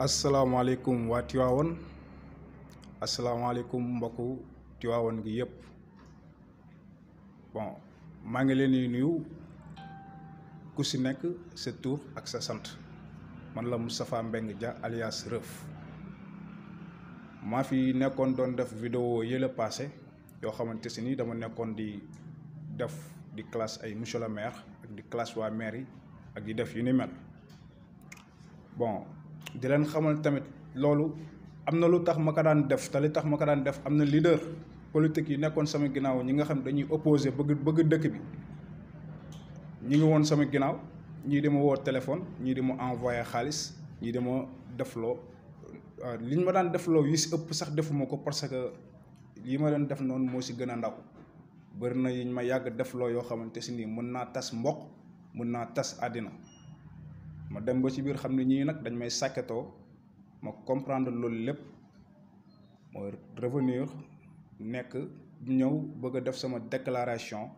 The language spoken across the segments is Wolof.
Assalamualaikum wa Tiwaawoon assalamualaikum mbokku tiwawon gi yep bon ma ngi len ni nuyu ku ci nek ce tour ak sa sante man la mustafa mbeng Dia alias Reuf Maafi fi nekkon don def vidéo yële passé yo xamanteni ni dama nekkon di def di classe ay monsieur le maire ak di classe wa maire ak di def yu ni mel bon di leen xamal tamit loolu am na lu tax ma ko daan def te li tax ma ka daan def am na leader politique yi nekkoon sama ginnaaw ñi nga xam dañuy opposé bëgg bëgg dëkk bi ñi ngi woon sama ginnaaw ñii di ma woo téléphone ñii di ma envoyé xaalis ñii di ma defloo euh, li ñu ma daan defloo yi si ëpp sax defuma ko parce que yi ma leen def noonu moo si gën a ndaw bëri na yi ñu ma yàgg defloo yoo xamante si nii mën naa tas mboq mën naa tas àddina ma dem ba ci biir xam ne ñii nag dañ may sàkketoo ma comprendre loolu lépp mooy revenir nekk ñëw bëgg a def sama déclaration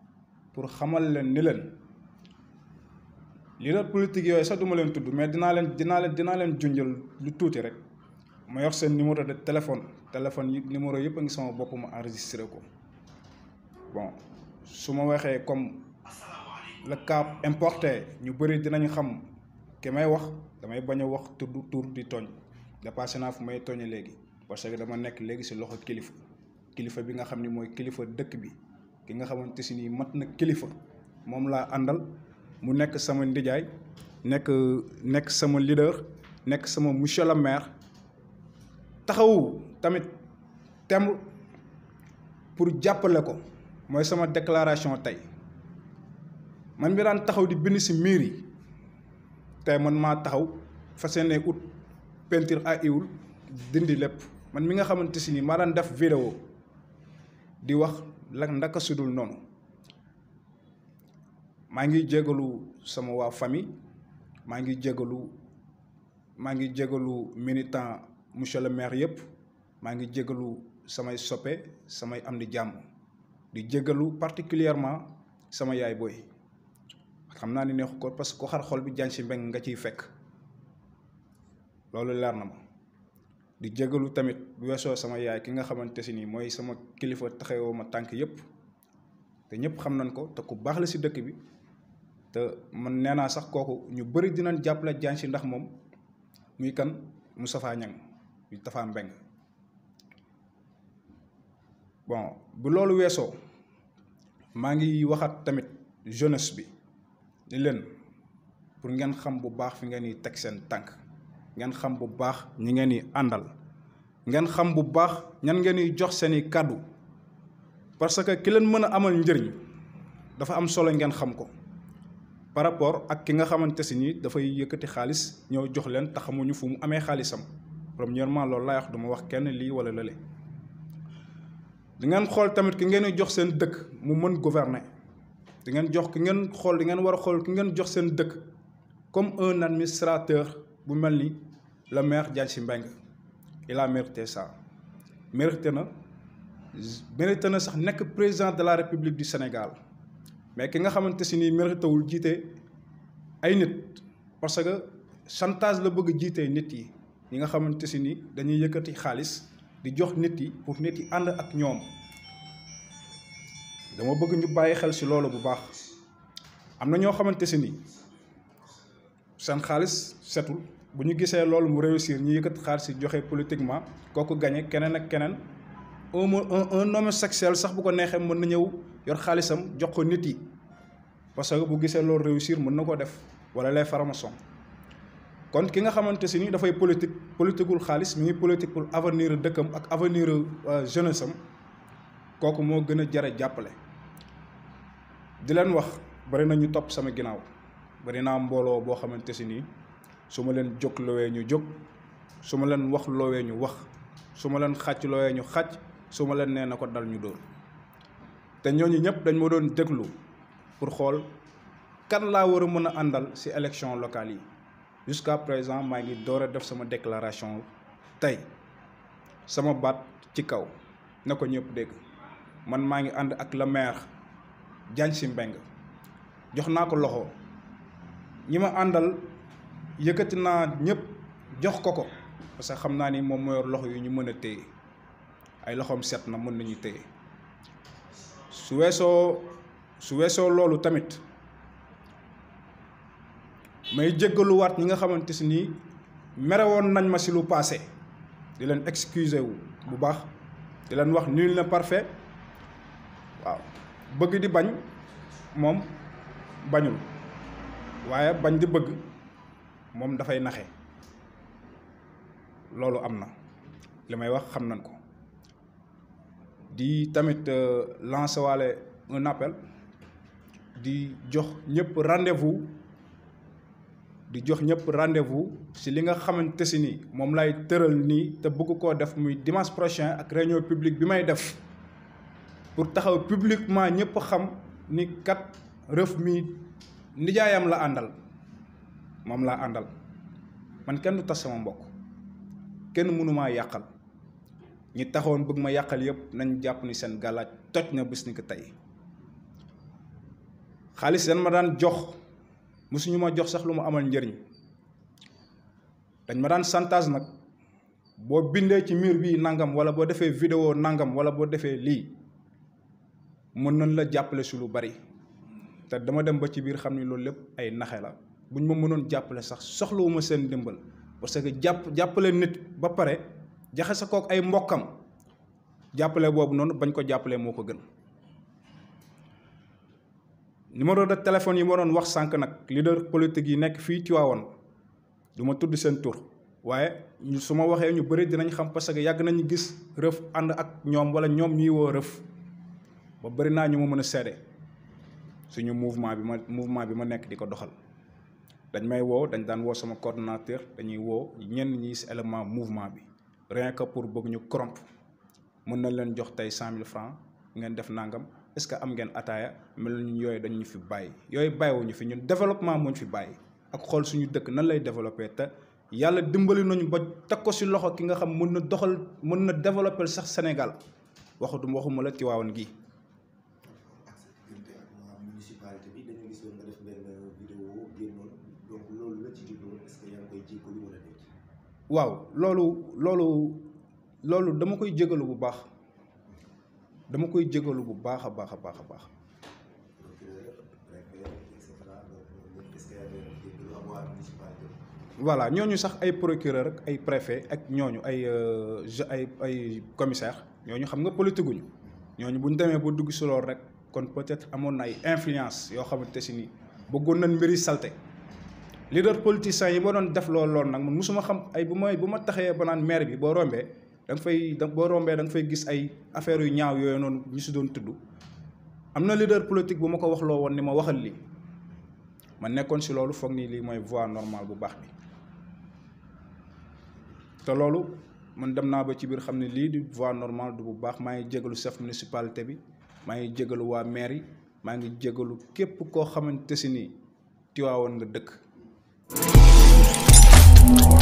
pour xamal leen ni leen leader politique yooyu sax duma leen tudd mais dinaa leen dinaa leen dinaa leen junjal lu tuuti rek ma yor seen numéro de téléphone téléphone yi numéro yëpp a ngi sama bopp ma enregistré ko bon su ma waxee comme le cas importé ñu bëri dinañ xam ki may wax damay bañ a wax tudd tur di tooñ dépassé naa fu may tooñe léegi parce que dama nekk léegi si loxo kilifa kilifa bi nga xam ni mooy kilifa dëkk bi ki nga xamante si ni mat na kilifa moom laa àndal mu nekk sama ndijaay nekk nekk sama leader nekk sama monsieur le maire taxawu tamit temb pour jàppale ko mooy sama déclaration tey man mi daan taxaw di bind si miir yi tay man ma taxaw fas yéene ut peinture a iwul dindi lepp man mi nga xamanteni ni ma daan def vidéo di wax la ndaka sudul noonu ma ngi jégalu sama wa famille ma ngi jégalu ma ngi jégalu militant monsieur le maire yépp ma ngi jégalu samay soppe samay am di di jégalu particulièrement sama yaay boy xamna ni neexu ko parce que ko xar xol bi jàng mbeng nga ciy fekk lolou ma di jégalu tamit bu sama yaay ki nga xamante ni moy sama kilifa taxewoo ma tank yépp te ñëpp xam nañ ko te ku bax la ci dëkk bi te man nee sax koku ñu bëri dinañ jappalé jàng ndax mom muy kan Moustapha Niang muy Tafa Mbeng bon bu lolou ma ngi waxat tamit jeunesse bi ni leen pour ngeen xam bu baax fi ngeen di teg seen tànk ngeen xam bu baax ñi ngeen di àndal ngeen xam bu baax ñan ngeen di jox seen i kàddu parce que ki leen mën a amal njëriñ dafa am solo ngeen xam ko par rapport ak ki nga xamante si ni dafay yëkkati xaalis ñëw jox leen te xamuñu fu mu amee xaalisam premièrement loolu laay wax duma wax kenn lii wala lële di ngeen xool tamit ki ngeen di jox seen dëkk mu mën gouverner da ngeen jox ki ngeen xool di ngeen war a xool ki ngeen jox seen dëkk comme un administrateur bu mel ni le maire Diagne Sy mbeng il a mérité ça mérité na mérité na sax nekk président de la république du Sénégal mais ki nga xamante si mérité wul jiite ay nit parce que chantage la bëgg jiite nit yi ñi nga xamante si ni dañuy yëkkati xaalis di jox nit yi pour nit yi ànd ak ñoom dama bëgg ñu bàyyi xel ci loolu bu baax am na ñoo xamante si ni seen xaalis setul bu ñu gisee loolu mu réussir ñu yëkkat xaalis si joxe politiquement kooku gañe keneen ak keneen un un homosexuel sax bu ko neexee mën na ñëw yor xaalisam jox ko nit yi parce que bu gisee loolu réussir mën na ko def wala les francs-maçons kon ki nga xamante si ni dafay politique politiqueul xaalis mi ngi politique pour avenir dëkkam ak avenir euh, jeunesse am kooku moo gën a jare jàppale. di leen wax bari na ñu topp sama ginnaaw bari naa mbooloo boo xamante si nii su ma leen jóg lowee ñu jóg su ma leen wax lowee ñu wax su ma leen xàcc lowee ñu xàcc su ma leen nee ko dal ñu dóor te ñooñu ñëpp dañ ma doon déglu pour xool kan laa war a mën a àndal si élection locale yi jusqu'à présent maa ngi door a def sama déclaration tey sama baat ci kaw na ko ñëpp man maa ngi ànd ak la maire jang si mbeng jox na ko loxo ñima andal yëkëti na ñëpp jox ko ko parce que xam naa ni moom moo yor loxo yu ñu mën a téye ay loxoom set na mën nañu téye su weesoo su weesoo loolu tamit may jéggaluwaat ñi nga xamante si nii mere nañ ma si lu passé di leen excuser wu bu baax di leen wax nul ne parfait bëgg di bañ mom, bañul bañ di bëgg mom na limay wax ko di tamit euh, lancer un appel di jox ñëpp rendez-vous di jox ñëpp rendez-vous si li nga xamante sini, mom lay teural ni te bëgg vous def dimanche prochain ak réunion publique def pour taxaw publiquement ñepp xam ni kat reuf mi nijaayam la andal, mom la andal man kenn du tas sama mbokk kenn mënumaa yàqal ñi taxawon bëgg ma yàqal yépp nañ japp ni seen gàllaaj toj na bis ni ko tay xaliss dañ ma daan jox musuñu ma jox sax lu mu amal njëriñ dañ ma daan santage nag boo bindee ci mur bi nangam wala boo defee vidéo nangam wala boo defee li mën nañ la jàppale si lu bari te dama dem ba ci biir xam ni loolu lépp ay naxe la buñ ma mënoon jàppale sax soxlawuma seen ndimbal parce que jàpp jàppale nit ba pare sa kook ay mbokkam jàppale boobu noonu bañ ko jàppale moo ko gën numéro de téléphone yi ma doon wax sànq nag leader politique yi nekk fii ci waawoon du ma tudd seen tur waaye ñu su ma waxee ñu bëri dinañ xam parce que yàgg nañu gis rëf ànd ak ñoom wala ñoom ñuy woo rëf ba bari na ñu mu mëna sédé suñu mouvement bi ma mouvement bi ma nekk di doxal dañ may wo, dañ dan wo sama coordinateur dañuy wo ñen ñi ci élément mouvement bi rien que pour bëgg ñu corrompre mën nañ leen jox tay 100000 francs ngeen def nangam est ce que am ngeen ataya mel ñu yoy dañ ñu fi bay wu ñu fi ñun développement moo ñu fi bay ak xol suñu dëkk nan lay développer ta yalla dimbali nañu ba teg ko si loxo ki nga xam mën na doxal mën na sax sénégal waxatu waxuma la waaw loolu loolu loolu dama koy jégalu bu baax dama koy jégalu bu baax a baax a baax a baax voilà ñooñu sax ay procureur ak ay préfet ak ñooñu ay euh, ay ay commissaire ñooñu xam nga politiguñu ñooñu buñ ñu demee ba dugg si loolu rek kon peut-être amoon na ay influence yoo xamante si ni bëggoon nañ mbiri salté leader politicien yi ma doon def loolu loolu nak man musuma xam ay bu may bu ma taxee ba naan maire bi bo rombé dang fay bo rombé dang fay gis ay affaire yu ñaaw yoy non ñu su doon tuddu amna leader politique bu ma wax lo won ni ma waxal li ma nekkon si loolu foog ni li moy voie normale bu bax bi te loolu man dem na ba ci bir xamni li di voie normale du bu bax may ngi chef municipalité bi may ngi wa maire yi maa ngi képp ko ni nga dëkk Thank you.